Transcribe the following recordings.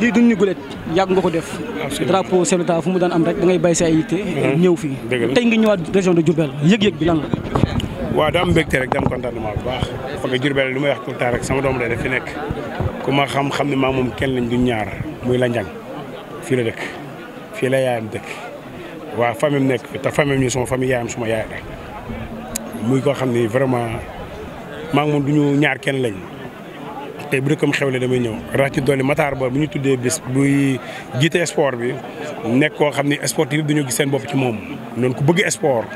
lii duñ ñu gulet yàgg nga ko def drapeau chef d'état fu mu daan am rek da ngay bàyyi sa ay yitte mhm. ñëw fii tey nga ñëwaat région de Diourbel yëg-yëg bi lan la waaw da am mbégte rek da am contentement bu baax parce que Diourbel li may wax tout le temps rek sama doom day def fi nekk ku ma xam xam ne maa moom kenn lañ du ñaar muy la njang fii la dëkk fii la yaayam dëkk waaw famille nekk fi te famille ñu suma famille yaayam suma yaay la muy koo xam ne vraiment maa du ñu ñaar kenn lañ tey bu dëkkam xewle damay ñëw rax ci dolli Matar Ba bu ñu tuddee bis buy jiite sport bi nekk koo xam ne sportif dañoo gis seen bopp ci moom noonu ku bëgg sport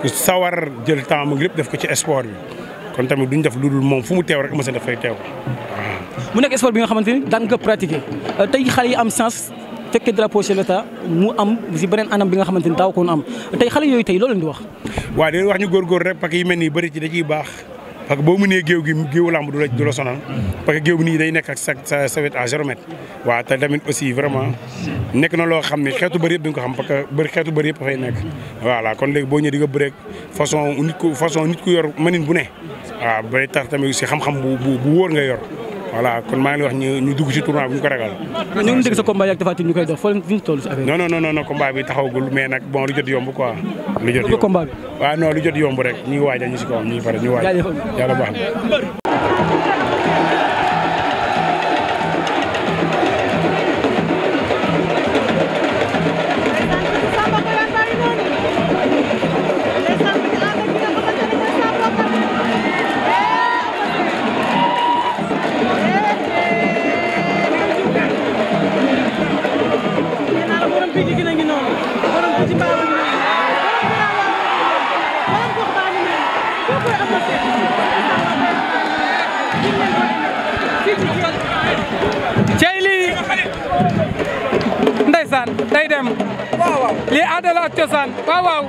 ku sawar jël temps mu def ko ci sport bi kon tamit duñ def lu dul moom fu mu teew rek monsieur dafay teew. mu nekk sport bi nga xamante ni daan nga pratiquer euh, tey xale yi am sens fekkee drapeau chef de mu am si beneen anam bi nga xamante ni daaw ko woon am tey xale yooyu tey loolu leen di wax. waaw di wax ñu góorgóor rek parce que yu mel nii bëri ci da ciy baax. parce boo boo mënee géew gi géewu làmb du la du la sonal. parce que géew bi nii day nekk ak sa sa wet à zéro mètre. waaw te aussi vraiment nekk na loo xam ne xeetu bëri yëpp di ko xam parce que bëri xeetu bëri yëpp dafay nekk. voilà kon léegi boo ñëwee di nga bëreeg façon nit ku façon nit ku yor mënin bu ne. waaw bay tax tamit aussi xam-xam bu bu bu wóor nga yor. voilà kon maa ngi wax ñu ñu dugg ci tournoi bu ñu ko ragal. ñu ngi dégg sa combat yi ak Tapha Tine ñu koy dox foo leen fi ñu toll si affaire non non non non combat bi taxawagul mais nag bon lu jot yomb quoi. lu jot yomb combat bi. waaw non lu jot yomb rek ñu ngi waajal ñu si kawam ñu ngi pare ñu waaj. yàlla baax na cey lii ndeysaan day dem lii aada la ak cosaan waaw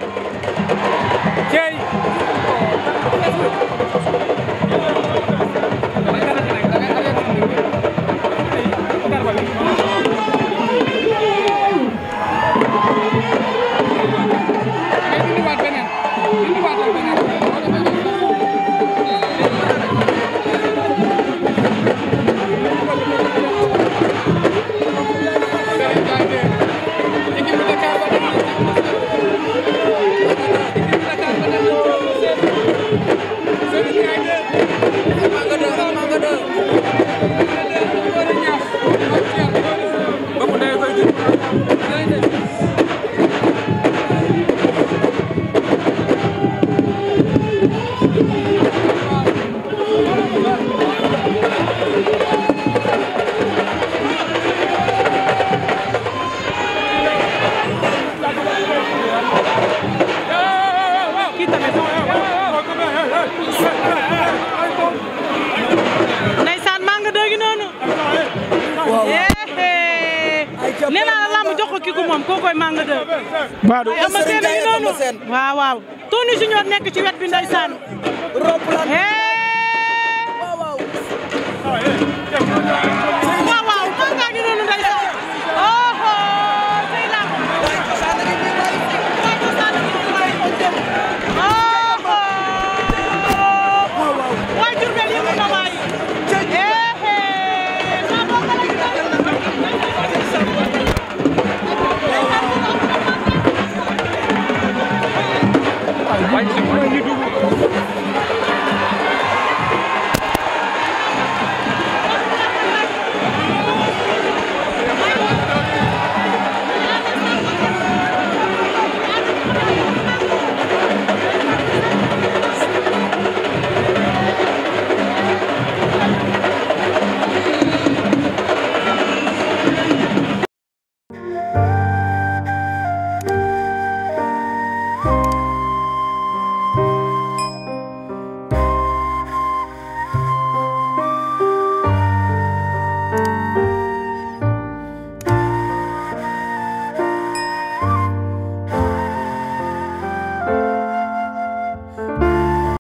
waaw nee naa la làmb jox moom kookoy Manga 2. waaw du ama seen ay noonu waaw waaw. Tony Junior nekk ci wet bi ndeysaan. rob la waaw